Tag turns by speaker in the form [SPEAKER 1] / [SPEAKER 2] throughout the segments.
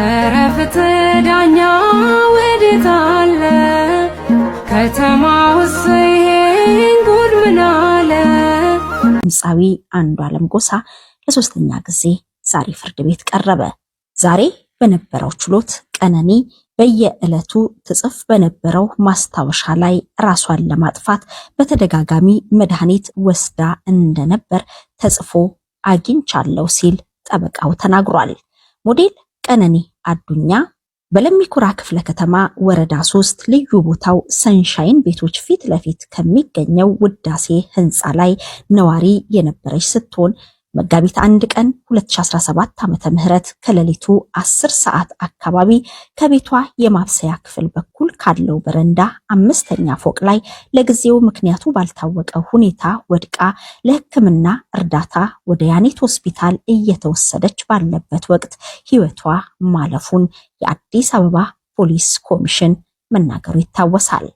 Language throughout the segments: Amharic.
[SPEAKER 1] እረ ፍትህ ዳኛ ወዴት አለ? ከተማ ውስጥ ይሄን ጉድ ምን አለ? ድምፃዊ አንዷለም ጎሳ ለሶስተኛ ጊዜ ዛሬ ፍርድ ቤት ቀረበ። ዛሬ በነበረው ችሎት ቀነኒ በየዕለቱ ትጽፍ በነበረው ማስታወሻ ላይ ራሷን ለማጥፋት በተደጋጋሚ መድኃኒት ወስዳ እንደነበር ተጽፎ አግኝቻለሁ ሲል ጠበቃው ተናግሯል። ሞዴል ቀነኒ አዱኛ በለሚኩራ ክፍለ ከተማ ወረዳ ሶስት ልዩ ቦታው ሰንሻይን ቤቶች ፊት ለፊት ከሚገኘው ውዳሴ ህንፃ ላይ ነዋሪ የነበረች ስትሆን መጋቢት አንድ ቀን 2017 ዓመተ ምህረት ከሌሊቱ 10 ሰዓት አካባቢ ከቤቷ የማብሰያ ክፍል በኩል ካለው በረንዳ አምስተኛ ፎቅ ላይ ለጊዜው ምክንያቱ ባልታወቀ ሁኔታ ወድቃ ለሕክምና እርዳታ ወደ ያኔት ሆስፒታል እየተወሰደች ባለበት ወቅት ሕይወቷ ማለፉን የአዲስ አበባ ፖሊስ ኮሚሽን መናገሩ ይታወሳል።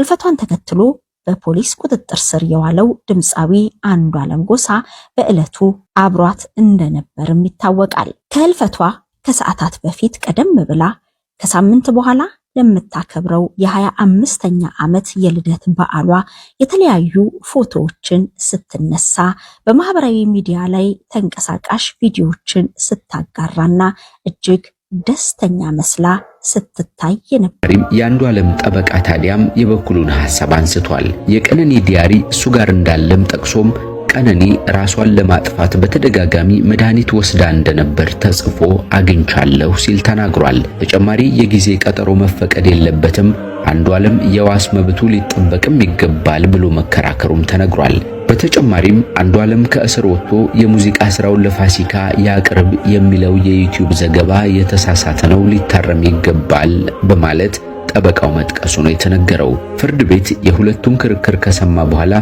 [SPEAKER 1] እልፈቷን ተከትሎ በፖሊስ ቁጥጥር ስር የዋለው ድምፃዊ አንዱዓለም ጎሳ በዕለቱ አብሯት እንደነበርም ይታወቃል። ከህልፈቷ ከሰዓታት በፊት ቀደም ብላ ከሳምንት በኋላ ለምታከብረው የሃያ አምስተኛ ዓመት የልደት በዓሏ የተለያዩ ፎቶዎችን ስትነሳ በማህበራዊ ሚዲያ ላይ ተንቀሳቃሽ ቪዲዮዎችን ስታጋራና እጅግ ደስተኛ መስላ ስትታይ ነበር። የአንዱ ዓለም ጠበቃ ታዲያም የበኩሉን ሐሳብ አንስቷል። የቀነኒ ዲያሪ እሱ ጋር እንዳለም ጠቅሶም ቀነኒ ራሷን ለማጥፋት በተደጋጋሚ መድኃኒት ወስዳ እንደነበር ተጽፎ አግኝቻለሁ ሲል ተናግሯል። ተጨማሪ የጊዜ ቀጠሮ መፈቀድ የለበትም፣ አንዱ ዓለም የዋስ መብቱ ሊጠበቅም ይገባል ብሎ መከራከሩም ተነግሯል። በተጨማሪም አንዱ ዓለም ከእስር ወጥቶ የሙዚቃ ስራውን ለፋሲካ ያቅርብ የሚለው የዩቲዩብ ዘገባ የተሳሳተ ነው፣ ሊታረም ይገባል በማለት ጠበቃው መጥቀሱ ነው የተነገረው። ፍርድ ቤት የሁለቱን ክርክር ከሰማ በኋላ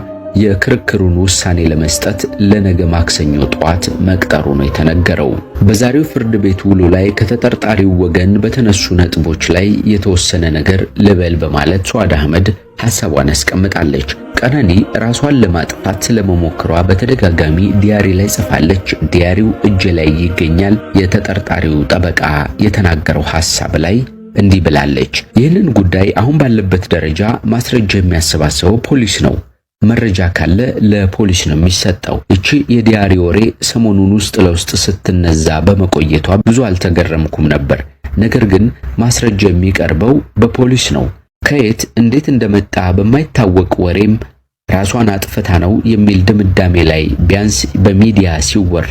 [SPEAKER 1] የክርክሩን ውሳኔ ለመስጠት ለነገ ማክሰኞ ጠዋት መቅጠሩ ነው የተነገረው። በዛሬው ፍርድ ቤት ውሎ ላይ ከተጠርጣሪው ወገን በተነሱ ነጥቦች ላይ የተወሰነ ነገር ልበል በማለት ሱአድ አህመድ ሐሳቧን አስቀምጣለች። ቀነኒ ራሷን ለማጥፋት ስለመሞክሯ በተደጋጋሚ ዲያሪ ላይ ጽፋለች። ዲያሪው እጅ ላይ ይገኛል። የተጠርጣሪው ጠበቃ የተናገረው ሐሳብ ላይ እንዲህ ብላለች። ይህንን ጉዳይ አሁን ባለበት ደረጃ ማስረጃ የሚያሰባስበው ፖሊስ ነው። መረጃ ካለ ለፖሊስ ነው የሚሰጠው። እቺ የዲያሪ ወሬ ሰሞኑን ውስጥ ለውስጥ ስትነዛ በመቆየቷ ብዙ አልተገረምኩም ነበር። ነገር ግን ማስረጃ የሚቀርበው በፖሊስ ነው። ከየት እንዴት እንደመጣ በማይታወቅ ወሬም ራሷን አጥፍታ ነው የሚል ድምዳሜ ላይ ቢያንስ በሚዲያ ሲወራ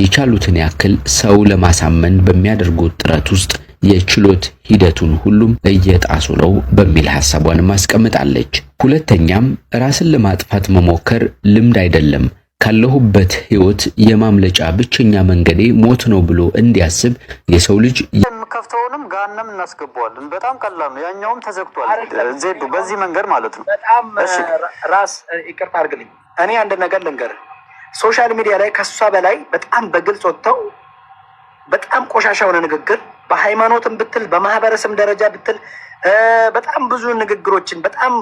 [SPEAKER 1] የቻሉትን ያክል ሰው ለማሳመን በሚያደርጉት ጥረት ውስጥ የችሎት ሂደቱን ሁሉም እየጣሱ ነው በሚል ሐሳቧንም አስቀምጣለች። ሁለተኛም ራስን ለማጥፋት መሞከር ልምድ አይደለም፣ ካለሁበት ህይወት የማምለጫ ብቸኛ መንገዴ ሞት ነው ብሎ እንዲያስብ የሰው ልጅ ከፍተውንም ጋንም እናስገባዋለን። በጣም ቀላል ነው። ያኛውም ተዘግቷል። ዜዱ በዚህ መንገድ ማለት ነው። በጣም ራስ ይቅርታ አድርግልኝ። እኔ አንድ ነገር ልንገር፣ ሶሻል ሚዲያ ላይ ከሷ በላይ በጣም በግልጽ ወጥተው በጣም ቆሻሻ የሆነ ንግግር በሃይማኖትም ብትል በማህበረሰብ ደረጃ ብትል በጣም ብዙ ንግግሮችን በጣም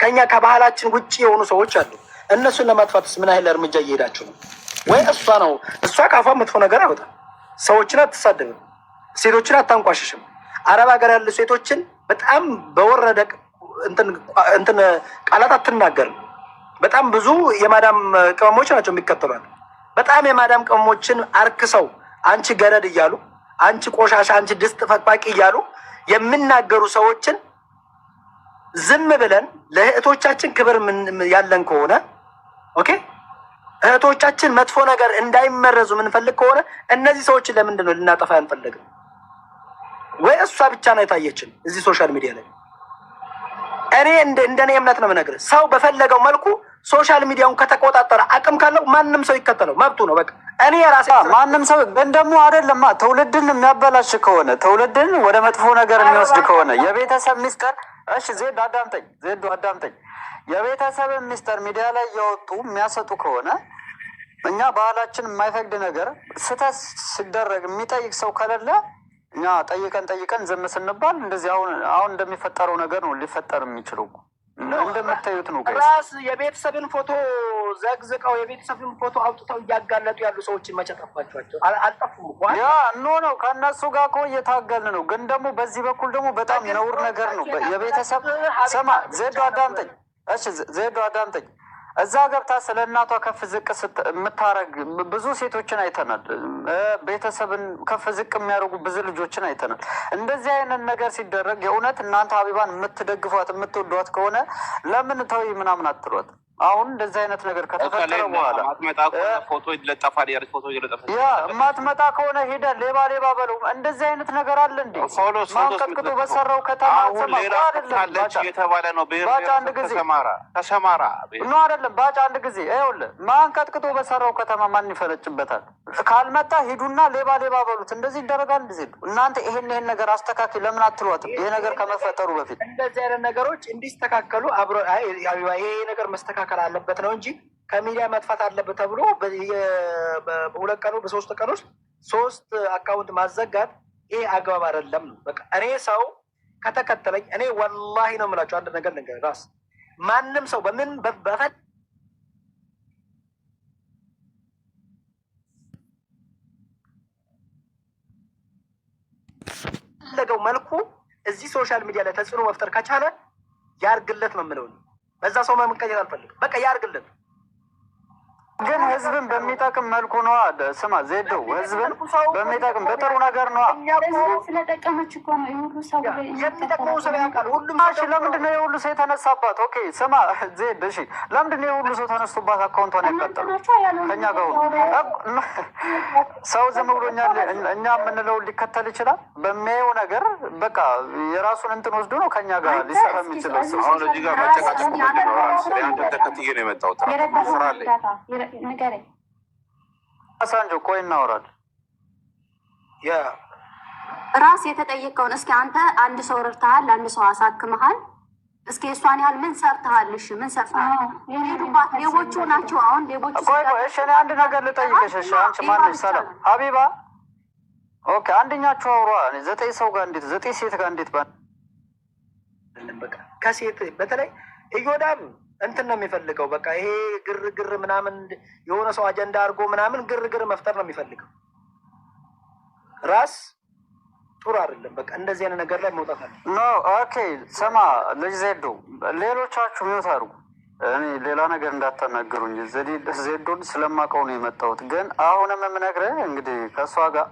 [SPEAKER 1] ከኛ ከባህላችን ውጭ የሆኑ ሰዎች አሉ። እነሱን ለማጥፋትስ ምን ያህል እርምጃ እየሄዳችሁ ነው ወይ? እሷ ነው እሷ ካፏ መጥፎ ነገር አይወጣም። ሰዎችን አትሳደብም፣ ሴቶችን አታንቋሽሽም። አረብ ሀገር ያሉ ሴቶችን በጣም በወረደ እንትን ቃላት አትናገርም። በጣም ብዙ የማዳም ቅመሞች ናቸው የሚከተሏል። በጣም የማዳም ቅመሞችን አርክሰው አንቺ ገረድ እያሉ አንቺ ቆሻሻ፣ አንቺ ድስት ፈቅፋቂ እያሉ የሚናገሩ ሰዎችን ዝም ብለን ለእህቶቻችን ክብር ያለን ከሆነ ኦኬ፣ እህቶቻችን መጥፎ ነገር እንዳይመረዙ የምንፈልግ ከሆነ እነዚህ ሰዎችን ለምንድን ነው ልናጠፋ አንፈልግም? ወይ እሷ ብቻ ነው የታየችን እዚህ ሶሻል ሚዲያ ላይ። እኔ እንደኔ እምነት ነው የምነግርህ ሰው በፈለገው መልኩ ሶሻል ሚዲያውን ከተቆጣጠረ አቅም ካለው ማንም ሰው ይከተለው መብቱ ነው። በቃ እኔ የራሴ ማንም ሰው ግን ደግሞ አይደለም ትውልድን የሚያበላሽ ከሆነ ትውልድን ወደ መጥፎ ነገር የሚወስድ ከሆነ የቤተሰብ ሚስጥር እሺ፣ ዜዱ አዳምጠኝ፣ ዜዱ አዳምጠኝ። የቤተሰብ ሚስጥር ሚዲያ ላይ እያወጡ የሚያሰጡ ከሆነ እኛ ባህላችን የማይፈቅድ ነገር ስህተት ሲደረግ የሚጠይቅ ሰው ከሌለ እኛ ጠይቀን ጠይቀን ዝም ስንባል እንደዚህ አሁን አሁን እንደሚፈጠረው ነገር ነው ሊፈጠር የሚችለው። እንደምታዩት ነው። ራስ የቤተሰብን ፎቶ ዘግዝቀው የቤተሰብን ፎቶ አውጥተው እያጋለጡ ያሉ ሰዎችን መቼ አልጠፉም ያ ኖ ነው። ከእነሱ ጋር እኮ እየታገል ነው። ግን ደግሞ በዚህ በኩል ደግሞ በጣም ነውር ነገር ነው። የቤተሰብ ስማ፣ ዜዶ አዳምጠኝ። እሺ ዜዶ አዳምጠኝ እዛ ገብታ ስለ እናቷ ከፍ ዝቅ የምታረግ ብዙ ሴቶችን አይተናል። ቤተሰብን ከፍ ዝቅ የሚያደርጉ ብዙ ልጆችን አይተናል። እንደዚህ አይነት ነገር ሲደረግ የእውነት እናንተ ሀቢባን የምትደግፏት የምትወዷት ከሆነ ለምን ተው ምናምን አትሏት። አሁን እንደዚህ አይነት ነገር ከተፈጠረ በኋላ ማትመጣ ከሆነ ፎቶ ይለጠፋል። ያ ፎቶ ይለጠፋል። ያ ማትመጣ ከሆነ ሄደ ሌባ ሌባ በለው። እንደዚህ አይነት ነገር አለ እንዴ? ማንቀጥቅጡ በሰራው ከተማ የተባለ ነው። ባጫ አንድ ጊዜ ተሰማራ ነው አይደለም። ባጫ አንድ ጊዜ ይኸውልህ፣ ማንቀጥቅጡ በሰራው ከተማ ማን ይፈረጭበታል? ካልመጣ ሂዱና ሌባ ሌባ በሉት። እንደዚህ ይደረጋል። ጊዜ እናንተ ይሄን ይሄን ነገር አስተካክል ለምን አትሏትም? ይሄ ነገር ከመፈጠሩ በፊት እንደዚህ አይነት ነገሮች እንዲስተካከሉ አብረ ይሄ ነገር መስተካከል መስተካከል አለበት ነው እንጂ ከሚዲያ መጥፋት አለበት ተብሎ በሁለት ቀኑ በሶስት ቀን ውስጥ ሶስት አካውንት ማዘጋት ይሄ አግባብ አይደለም ነው። በቃ እኔ ሰው ከተከተለኝ እኔ ወላሂ ነው የምላቸው አንድ ነገር ነገር ራስ ማንም ሰው በምን በፈል ፈለገው መልኩ እዚህ ሶሻል ሚዲያ ላይ ተጽዕኖ መፍጠር ከቻለ ያርግለት ነው የምለው። በዛ ሰው መቀየር አልፈልግም። በቃ ያርግልን። ግን ህዝብን በሚጠቅም መልኩ ነዋ። ስማ ዜዶ ህዝብን በሚጠቅም በጥሩ ነገር ነዋ። ስለጠቀመች እኮ ነው የሁሉ ሰው ለምንድን ነው የሁሉ ሰው የተነሳባት? ኦኬ ስማ ዜድ፣ እሺ ለምንድን ነው የሁሉ ሰው ተነስቶባት አካውንቷን ያቃጠሉ? ከኛ ጋር ሰው ዝም ብሎ እኛ የምንለው ሊከተል ይችላል። በሚያየው ነገር በቃ የራሱን እንትን ወስዶ ነው ከኛ ጋር ሊሰራ የሚችለው ሰው። አሁን እዚህ ጋር መጨቃጨቅ ነው የመጣሁት ስራ ንገረኝ። ሳንጆ ቆይ እናወራለን። ራስ የተጠየቀውን እስኪ አንተ አንድ ሰው ረድተሃል፣ አንድ ሰው አሳክመሃል። እስኪ እሷን ያህል ምን ሰርተሃል? እሺ ምን ሰርተሃል? ሄዱባት ሌቦቹ ናቸው። አሁን ሌቦቹ እሺ፣ እኔ አንድ ነገር ልጠይቅሽ። እሺ አንቺ ማነሽ? ሰላም ሀቢባ። ኦኬ፣ አንደኛችሁ አውሯ። ዘጠኝ ሰው ጋር እንዴት ዘጠኝ ሴት ጋር እንዴት ባ ከሴት በተለይ እዮዳም እንትን ነው የሚፈልገው። በቃ ይሄ ግርግር ምናምን የሆነ ሰው አጀንዳ አድርጎ ምናምን ግርግር መፍጠር ነው የሚፈልገው። ራስ ጥሩ አይደለም። በቃ እንደዚህ አይነት ነገር ላይ መውጣት አለ። ኖ ኦኬ፣ ስማ ልጅ ዜዶ፣ ሌሎቻችሁ ሚውት አድርጉ። እኔ ሌላ ነገር እንዳታናግሩኝ። ዜዶን ስለማውቀው ነው የመጣሁት። ግን አሁንም የምነግርህ እንግዲህ ከእሷ ጋር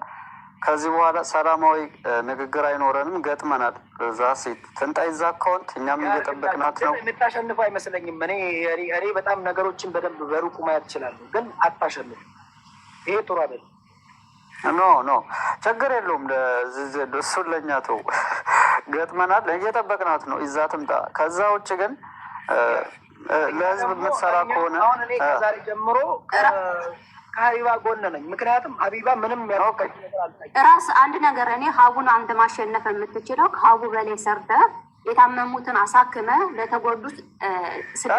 [SPEAKER 1] ከዚህ በኋላ ሰላማዊ ንግግር አይኖረንም። ገጥመናል። እዛ ሴት ትንጣይ ይዛ አካውንት እኛም እየጠበቅናት ነው። የምታሸንፈው አይመስለኝም። እኔ እኔ በጣም ነገሮችን በደንብ በሩቁ ማየት እችላለሁ፣ ግን አታሸንፍ። ይሄ ጥሩ አይደለም። ኖ ኖ ችግር የለውም። እሱን ለእኛ ተው። ገጥመናል፣ እየጠበቅናት ነው። ይዛ ትምጣ። ከዛ ውጭ ግን ለህዝብ የምትሰራ ከሆነ አሁን እኔ ከዛሬ ጀምሮ ከሀቢባ ጎን ነኝ። ምክንያቱም ሀቢባ ምንም ራስ አንድ ነገር እኔ ሀቡን አንድ ማሸነፍ የምትችለው ከሀቡ በላይ ሰርተ የታመሙትን አሳክመ ለተጎዱት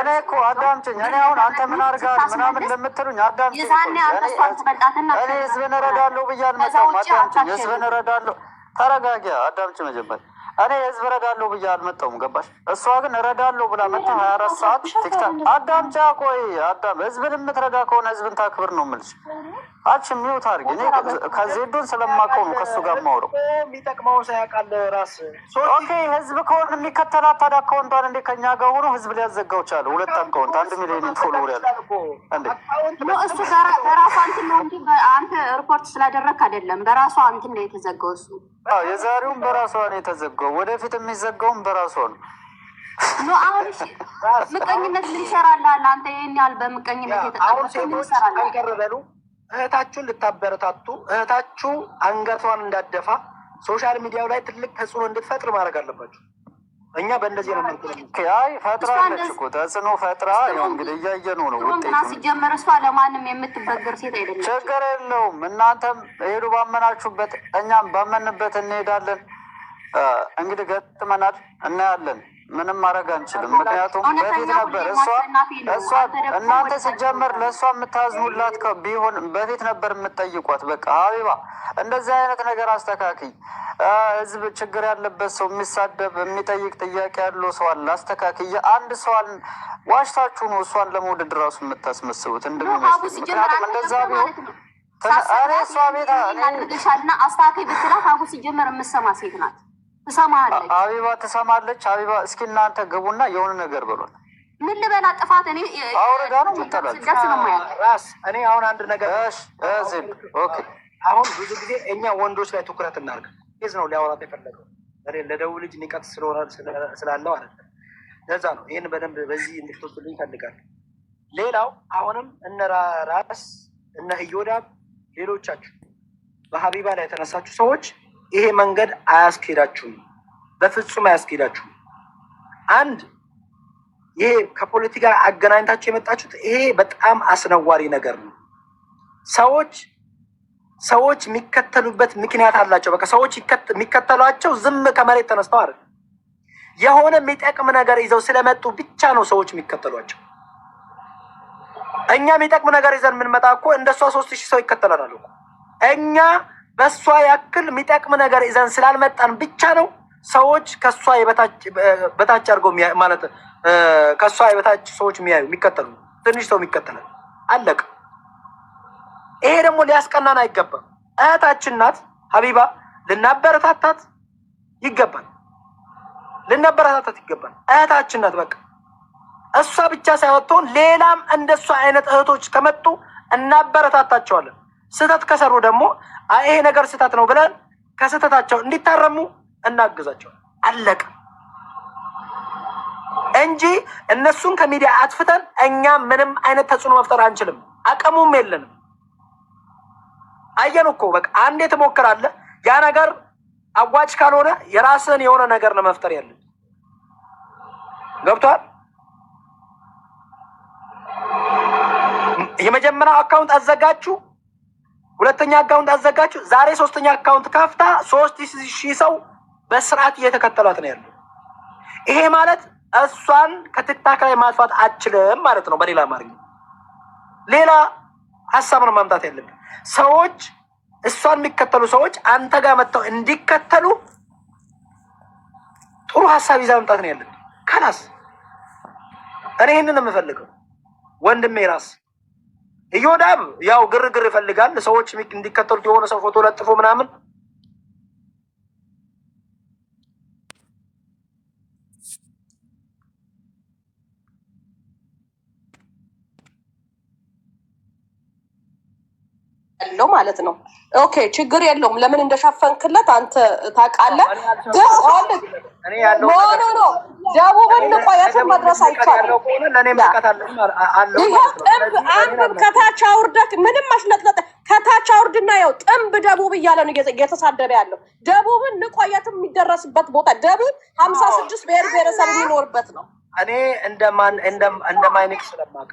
[SPEAKER 1] እኔ እኮ አዳምጪኝ። እኔ አሁን አንተ ምን አድርጋለሁ ምናምን ለምትሉኝ አዳምጪኝ። እኔ ህዝብን እረዳለሁ ብዬ አልመጣም። አዳምጪኝ። ህዝብን እረዳለሁ። ተረጋጊ፣ አዳምጪ መጀመሪያ እኔ ህዝብ እረዳለሁ ብዬ አልመጣሁም። ገባሽ? እሷ ግን እረዳለሁ ብላ መታ ሀያ አራት ሰዓት ቲክታክ አዳምጫ። ቆይ አዳም ህዝብን የምትረዳ ከሆነ ህዝብን ታክብር ነው የምልሽ። አንቺ ሚውት አድርጊ። እኔ ከዜዱን ስለማውቀው ነው ከእሱ ጋር የማውረው። ኦኬ ህዝብ ከሆን የሚከተላት ታዲያ አካውንቷን እንዴ ከኛ ጋር ሆኖ ህዝብ ሊያዘጋው ቻለ። ሁለት አካውንት አንድ ሚሊዮን ፎሎወር ያለ እንዴ እሱ በራሷ እንትን ነው እንጂ አንተ ሪፖርት ስላደረክ አይደለም። በራሱ አንትን ነው የተዘጋው እሱ አዎ የዛሬውን በራሷ ነው የተዘጋው። ወደፊት የሚዘጋውን በራሷ ነው። ኖ አሁን እሺ፣ ምቀኝነት ልንሰራላ ለአንተ ይህን ያህል በምቀኝነት የተጠቀሰራልቀረበሉ እህታችሁን ልታበረታቱ እህታችሁ አንገቷን እንዳደፋ ሶሻል ሚዲያው ላይ ትልቅ ተጽዕኖ እንድትፈጥር ማድረግ አለባቸው። እኛ በእንደዚህ ነው ያይ ፈጥራለች እኮ ተጽዕኖ ፈጥራ ያው እንግዲህ እያየኑ ነው ውጤቱ። ሲጀመር እሷ ለማንም የምትበግር ሴት አይደለም። ችግር የለውም። እናንተም ሄዱ ባመናችሁበት፣ እኛም ባመንበት እንሄዳለን። እንግዲህ ገጥመናል፣ እናያለን። ምንም ማድረግ አንችልም። ምክንያቱም በፊት ነበር እሷ እሷ እናንተ ሲጀመር ለእሷ የምታዝኑላት ቢሆን በፊት ነበር የምትጠይቋት። በቃ ሀቢባ እንደዚህ አይነት ነገር አስተካክይ። ህዝብ ችግር ያለበት ሰው የሚሳደብ የሚጠይቅ ጥያቄ ያለው ሰው አለ፣ አስተካክይ። የአንድ ሰዋን ዋሽታችሁ ነው እሷን ለመውደድ ራሱ የምታስመስቡት እንደሚመስሉ ምክንያቱም እንደዛ ቢሆን እሷ ቤት አስተካክይ ብትላት አቡ ሲጀመር የምሰማ ሴት ናት ትሰማለች። አቢባ ትሰማለች። አቢባ እስኪ እናንተ ግቡና የሆነ ነገር ብሏል። ምን ልበላ ጥፋት እኔ አውረዳ ነው ምጠላራስ እኔ አሁን አንድ ነገር አሁን ብዙ ጊዜ እኛ ወንዶች ላይ ትኩረት እናርግ ዝ ነው ሊያወራት የፈለገው ለደቡብ ልጅ ንቀት ስለሆነ ስላለው አለ ለዛ ነው ይህን በደንብ በዚህ እንድትወስዱልኝ ይፈልጋል። ሌላው አሁንም እነ ራስ እነ እዮዳብ ሌሎቻችሁ በሀቢባ ላይ የተነሳችሁ ሰዎች ይሄ መንገድ አያስኬዳችሁም፣ በፍጹም አያስኬዳችሁም። አንድ ይሄ ከፖለቲካ አገናኝታችሁ የመጣችሁት ይሄ በጣም አስነዋሪ ነገር ነው። ሰዎች ሰዎች የሚከተሉበት ምክንያት አላቸው። በቃ ሰዎች የሚከተሏቸው ዝም ከመሬት ተነስተው አይደል፣ የሆነ የሚጠቅም ነገር ይዘው ስለመጡ ብቻ ነው ሰዎች የሚከተሏቸው። እኛ የሚጠቅም ነገር ይዘን የምንመጣ እኮ እንደሷ ሶስት ሺህ ሰው ይከተለናል እኛ በእሷ ያክል የሚጠቅም ነገር ይዘን ስላልመጣን ብቻ ነው ሰዎች ከእሷ በታች አድርገው ማለት ከእሷ የበታች ሰዎች የሚያዩ የሚከተሉ ትንሽ ሰው የሚከተላል። አለቅ። ይሄ ደግሞ ሊያስቀናን አይገባም። እህታችን ናት ሀቢባ፣ ልናበረታታት ይገባል። ልናበረታታት ይገባል። እህታችን ናት። በቃ እሷ ብቻ ሳይወጥተውን ሌላም እንደ እሷ አይነት እህቶች ከመጡ እናበረታታቸዋለን። ስህተት ከሰሩ ደግሞ ይሄ ነገር ስህተት ነው ብለን ከስህተታቸው እንዲታረሙ እናግዛቸው። አለቀ እንጂ እነሱን ከሚዲያ አጥፍተን እኛ ምንም አይነት ተጽዕኖ መፍጠር አንችልም፣ አቅሙም የለንም። አየን እኮ በቃ አንዴ ትሞክራለህ። ያ ነገር አዋጭ ካልሆነ የራስን የሆነ ነገር ለመፍጠር ያለን ገብቷል። የመጀመሪያው አካውንት አዘጋችሁ ሁለተኛ አካውንት አዘጋጁ። ዛሬ ሶስተኛ አካውንት ከፍታ ሶስት ሺህ ሰው በስርዓት እየተከተሏት ነው ያለው። ይሄ ማለት እሷን ከቲክታክ ላይ ማጥፋት አችልም ማለት ነው። በሌላ አማርኛ ሌላ ሀሳብ ነው ማምጣት ያለብን። ሰዎች እሷን የሚከተሉ ሰዎች አንተ ጋር መጥተው እንዲከተሉ ጥሩ ሀሳብ ይዛ መምጣት ነው ያለብን። ከላስ እኔ ይህንን የምፈልገው ወንድሜ ራስ እዮዳብ ያው ግርግር ይፈልጋል። ሰዎች እንዲከተሉት የሆነ ሰው ፎቶ ለጥፎ ምናምን ያለው ማለት ነው። ኦኬ ችግር የለውም። ለምን እንደሻፈንክለት አንተ ታውቃለህ። ደቡብን ልቆ የትም መድረስ አይቻልም። ይኸው ጥንብ አንብን ከታች አውርደክ ምንም አሽለጥለጥ ከታች አውርድና ያው ጥንብ ደቡብ እያለ ነው እየተሳደበ ያለው። ደቡብን ልቆ የትም የሚደረስበት ቦታ ደቡብ ሀምሳ ስድስት ብሔር ብሔረሰብ የሚኖርበት ነው። እኔ እንደማይንቅ ስለማውቅ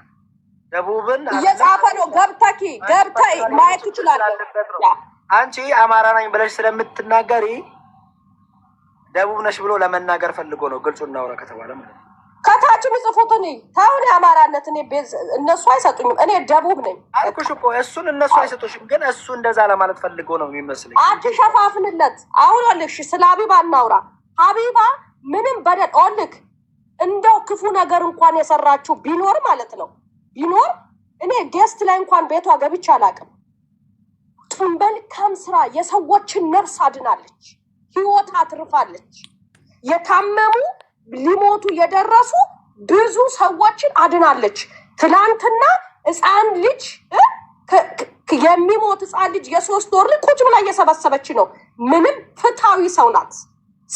[SPEAKER 1] ደቡብን እየጻፈ ነው። ገብተኪ ገብተ ማየት ትችላለህ። አንቺ አማራ ነኝ ብለሽ ስለምትናገሪ ደቡብ ነሽ ብሎ ለመናገር ፈልጎ ነው። ግልጹ እናውራ ከተባለ ማለት ነው። ከታች የሚጽፉት እኔ ታሁን የአማራነት እኔ እነሱ አይሰጡኝም። እኔ ደቡብ ነኝ አልኩሽ እኮ እሱን እነሱ አይሰጡሽም፣ ግን እሱ እንደዛ ለማለት ፈልጎ ነው የሚመስለኝ። አዲስ ሸፋፍንለት አሁን ልሽ ስለ ሀቢባ እናውራ። ሀቢባ ምንም በደል ኦልክ እንደው ክፉ ነገር እንኳን የሰራችው ቢኖር ማለት ነው ቢኖር እኔ ጌስት ላይ እንኳን ቤቷ ገብቼ አላውቅም። መልካም ስራ የሰዎችን ነፍስ አድናለች። ህይወት አትርፋለች። የታመሙ ሊሞቱ የደረሱ ብዙ ሰዎችን አድናለች። ትናንትና ህፃን ልጅ የሚሞት ህፃን ልጅ የሶስት ወር ልጅ ቁጭ ብላ እየሰበሰበች ነው። ምንም ፍትሃዊ ሰው ናት።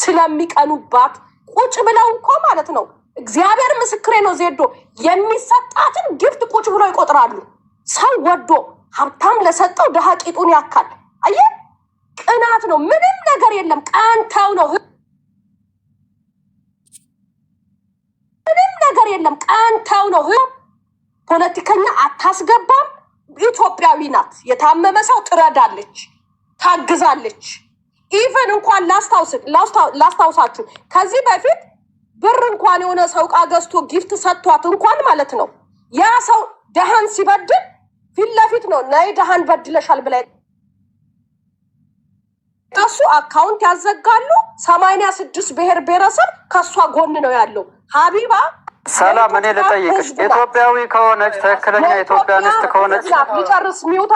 [SPEAKER 1] ስለሚቀኑባት ቁጭ ብለው እኮ ማለት ነው። እግዚአብሔር ምስክሬ ነው። ዜዶ የሚሰጣትን ግፍት ቁጭ ብለው ይቆጥራሉ። ሰው ወዶ ሀብታም ለሰጠው ድሃ ቂጡን ያካል። አየህ ቅናት ነው። ምንም ነገር የለም። ቀንተው ነው። ምንም ነገር የለም። ቀንተው ነው። ፖለቲከኛ አታስገባም። ኢትዮጵያዊ ናት። የታመመ ሰው ትረዳለች፣ ታግዛለች። ኢቨን እንኳን ላስታውሳችሁ ከዚህ በፊት ብር እንኳን የሆነ ሰው ዕቃ ገዝቶ ጊፍት ሰጥቷት እንኳን ማለት ነው ያ ሰው ደሃን ሲበድል ፊት ለፊት ነው ናይ ደሃን በድለሻል ብላ እነሱ አካውንት ያዘጋሉ። ሰማንያ ስድስት ብሔር ብሔረሰብ ከእሷ ጎን ነው ያለው። ሀቢባ ሰላም፣ እኔ ልጠይቅሽ ኢትዮጵያዊ ከሆነች ትክክለኛ ኢትዮጵያ ንስት ከሆነች ሊጨርስ ሚውት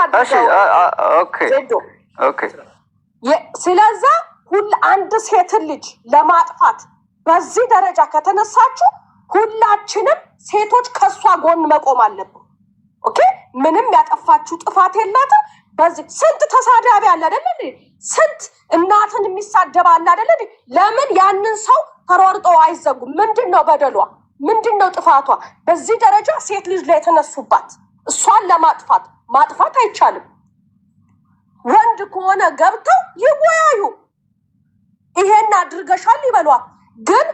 [SPEAKER 1] ስለዛ ሁል አንድ ሴትን ልጅ ለማጥፋት በዚህ ደረጃ ከተነሳችሁ ሁላችንም ሴቶች ከእሷ ጎን መቆም አለብን። ኦኬ ምንም ያጠፋችሁ ጥፋት የላትም። በዚህ ስንት ተሳዳቢ አለ አይደለ? ስንት እናትን የሚሳደብ አለ አይደለ? ለምን ያንን ሰው ተሯርጦ አይዘጉም? ምንድን ነው በደሏ? ምንድን ነው ጥፋቷ? በዚህ ደረጃ ሴት ልጅ ላይ የተነሱባት እሷን ለማጥፋት ማጥፋት አይቻልም። ወንድ ከሆነ ገብተው ይወያዩ። ይሄን አድርገሻል ይበሏል ግን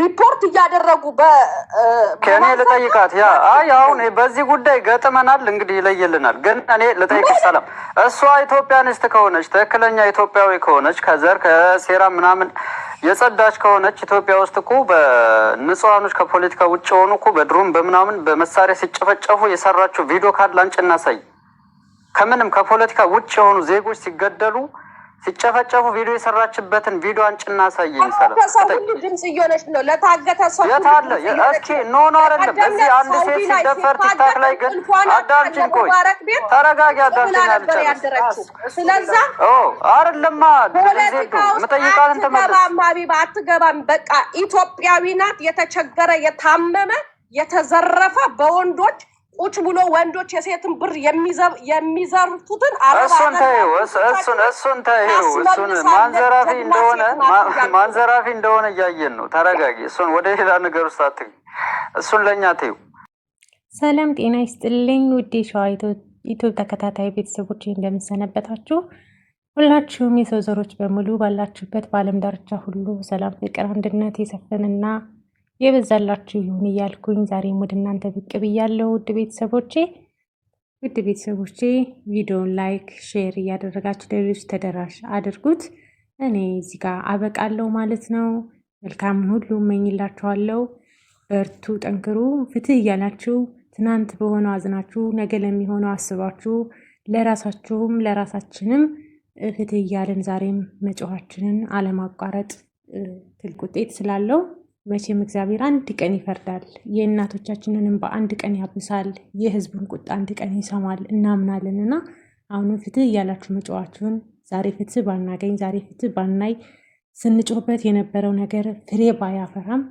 [SPEAKER 1] ሪፖርት እያደረጉ ከኔ ልጠይቃት። ያ አይ አሁን በዚህ ጉዳይ ገጥመናል፣ እንግዲህ ይለይልናል። ግን እኔ ልጠይቅሽ ሰላም፣ እሷ ኢትዮጵያኒስት ከሆነች ትክክለኛ ኢትዮጵያዊ ከሆነች ከዘር ከሴራ ምናምን የጸዳች ከሆነች ኢትዮጵያ ውስጥ እኮ በንጹሃኖች ከፖለቲካ ውጭ የሆኑ እኮ በድሮን በምናምን በመሳሪያ ሲጨፈጨፉ የሰራችው ቪዲዮ ካድ ላንጭ እናሳይ። ከምንም ከፖለቲካ ውጭ የሆኑ ዜጎች ሲገደሉ ሲጨፈጨፉ ቪዲዮ የሰራችበትን ቪዲዮ አንጭና አሳየኝ። ሰላም ሰው ድምጽ እየሆነች ነው። ለታገተ ሰው የታለ? እስኪ ኖ ኖ አይደለም። እዚህ አንድ ሴት ሲደፈር ቲክታክ ላይ ግን አዳምጪኝ፣ ቆይ ተረጋጊ፣ አዳምጪኝ አልጨረስኩም። ስለዛ አይደለማ ዜቱ ምጠይቃትን ትመልስ አትገባም። በቃ ኢትዮጵያዊ ናት። የተቸገረ የታመመ የተዘረፈ በወንዶች ቁጭ ብሎ ወንዶች የሴትን ብር የሚዘርፉትን እሱን ተይው። ማንዘራፊ እንደሆነ ማንዘራፊ እንደሆነ እያየን ነው። ተረጋጊ። እሱን ወደ ሌላ ነገር ውስጥ አት እሱን ለእኛ ተይው። ሰላም ጤና ይስጥልኝ ውዴ ሸዋ ኢትዮ ተከታታይ ቤተሰቦች እንደምንሰነበታችሁ ሁላችሁም የሰው ዘሮች በሙሉ ባላችሁበት በዓለም ዳርቻ ሁሉ ሰላም፣ ፍቅር፣ አንድነት የሰፈንና የበዛላችሁ ይሁን እያልኩኝ ዛሬም ወደ እናንተ ብቅ ብያለሁ። ውድ ቤተሰቦቼ ውድ ቤተሰቦቼ ቪዲዮን ላይክ፣ ሼር እያደረጋችሁ ለሌሎች ተደራሽ አድርጉት። እኔ እዚህ ጋር አበቃለሁ ማለት ነው። መልካምን ሁሉ እመኝላችኋለሁ። በርቱ፣ ጠንክሩ፣ ፍትህ እያላችሁ ትናንት በሆነው አዝናችሁ ነገ ለሚሆነው አስባችሁ ለራሳችሁም ለራሳችንም ፍትህ እያለን ዛሬም መጮኋችንን አለማቋረጥ ትልቅ ውጤት ስላለው መቼም እግዚአብሔር አንድ ቀን ይፈርዳል። የእናቶቻችንንም በአንድ ቀን ያብሳል። የህዝቡን ቁጣ አንድ ቀን ይሰማል እናምናለን እና አሁንም ፍትህ እያላችሁ መጫዋችሁን ዛሬ ፍትህ ባናገኝ ዛሬ ፍትህ ባናይ ስንጮህበት የነበረው ነገር ፍሬ ባያፈራም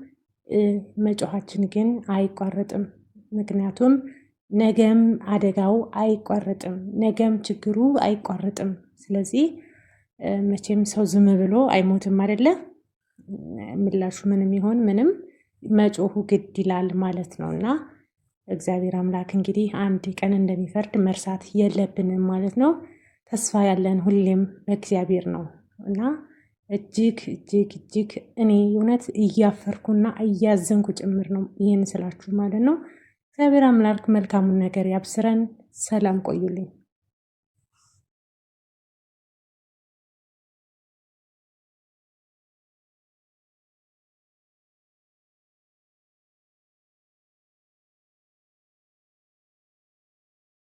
[SPEAKER 1] መጮኋችን ግን አይቋረጥም። ምክንያቱም ነገም አደጋው አይቋረጥም፣ ነገም ችግሩ አይቋረጥም። ስለዚህ መቼም ሰው ዝም ብሎ አይሞትም አይደለም። ምላሹ ምንም ይሆን ምንም መጮሁ ግድ ይላል ማለት ነው እና እግዚአብሔር አምላክ እንግዲህ አንድ ቀን እንደሚፈርድ መርሳት የለብንም ማለት ነው። ተስፋ ያለን ሁሌም በእግዚአብሔር ነው እና እጅግ እጅግ እጅግ እኔ እውነት እያፈርኩና እያዘንኩ ጭምር ነው ይህን ስላችሁ ማለት ነው። እግዚአብሔር አምላክ መልካሙን ነገር ያብስረን። ሰላም ቆዩልኝ።